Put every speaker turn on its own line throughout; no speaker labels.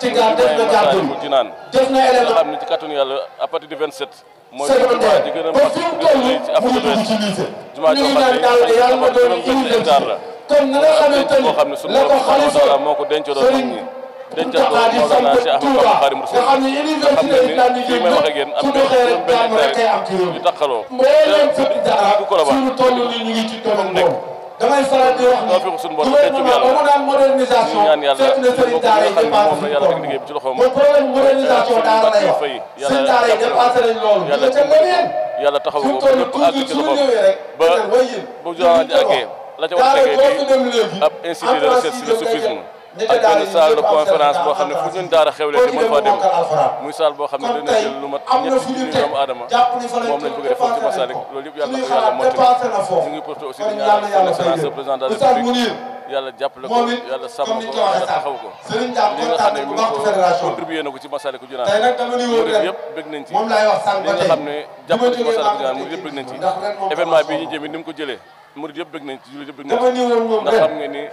Tiga def na gàddum
def na élève xam
ne ci kattanu yàlla à partir du 27. mooy jumaa ji gën a mag ci Afrique de l'Ouest
jumaa joo xam ne daal ma doon indi hectare la
kon na nga xamante ni xam ne suñu borom subhanahu wa taala moo ko denc doon nit ñi dencal ko Mawlana Cheikh Ahmadou Bamba Xaadimu Rasuul xam ne fii may wax ak yéen am benn benn hectare yu taxaloo. mbooleem fukki dara suñu toll nii ñu ngi ci tolloo damay faral di wax ni gouvernement ba mu naan modernisation fekk na sëriñ daara yi dépassé nañ ko mooy problème modernisation daara lay wax sëriñ daara yi dépassé nañ loolu ñu nga ca leneen yàlla taxaw ko ba ñëpp àgg ci loxoom ba bu jaa àggee
la ca war a tegee
ab institut de recherche sur le soufisme ak benn salle de conférence boo xam ne fu ñun daara xewle te mën faa dem muy salle boo xam ne dina jël lu mat ñett junni doomu aadama moom lañ bëgg def foofu ci Massalik loolu yëpp yàlla na ko yàlla mottali ñu ngi porté aussi di ñaanal son excellence
président de la République
yàlla jàppale ko yàlla sàmm ko yàlla taxaw ko li nga xam ne mi ngi ko contribué na ko ci Massaliku Jinaan murid yëpp bëgg nañ ci li nga xam ne jàppale ci Massaliku Jinaan murid yëpp bëgg nañ ci événement bii ñu jëmee ni mu ko jëlee murid yëpp bëgg nañ ci jullit yëpp bëgg ni woon moom ren.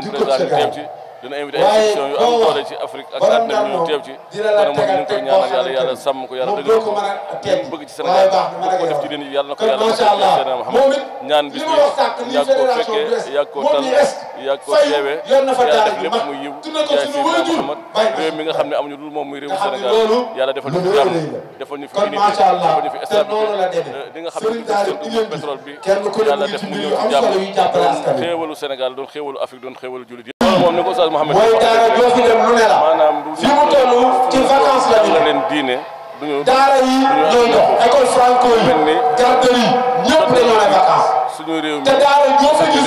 ndax xam ci dina invité institution yu am doole ci Afrique ak àddina bi ñu teew ci kon moom ñu ngi koy ñaanal yàlla yàlla sàmm ko yàlla dëggal ko ñu bëgg ci Sénégal bëgg ko def ci dina yàlla na ko yàlla Seydina Mouhamed ñaan bis bi yàgg koo fekkee yàgg koo tal yàgg koo teewee yàlla def lépp muy yiw jaay si Mouhamed réew mi nga xam ne amuñu dul moom muy réewu Sénégal yàlla
defal ñu fi jàmm
defal ñu fi unité defal ñu fi stabilité li nga xam ne pétrole bi yàlla def mu ñëw ci jàmm doon xéewalu Sénégal doon xéewalu Afrique doon xéewalu jullit moom ni ko Oustaz Mouhamed mooy daara joo fi dem lu ne la maanaam fi mu toll ci vacance la ñu leen diine daara yi ñooy dox école franco yi garderie ñëpp dañoo ne vacance réew mi te daara joo fa gis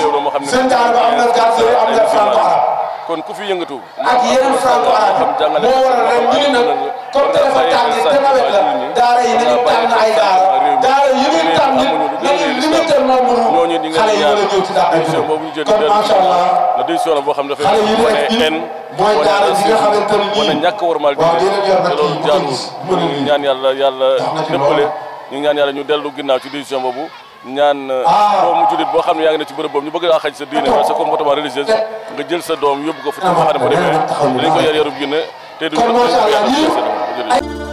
seen daara ba am na franco arabe kon ku fi yëngatu ak yeneen franco arabe moo waral ren ñu ne nag
comme dafa tànn te nawet la daara yi nañu tànn ay daara
amuñu lu gën a lislaam ñooñu di boobu ñu jël la duy boo xam ne dafay wane en wane racisme wane ñàkk warmal diine te loolu yàlla yàlla dëppale ñu ñaan ñu dellu ginnaaw ci décision boobu ñaan ah. Ah, doomu julit boo xam ne yaa ngi ne ci ñu bëgg a xaj sa diine wala sa comportement religieux nga jël sa doom yóbbu ko fu taxaw xam ne bu demee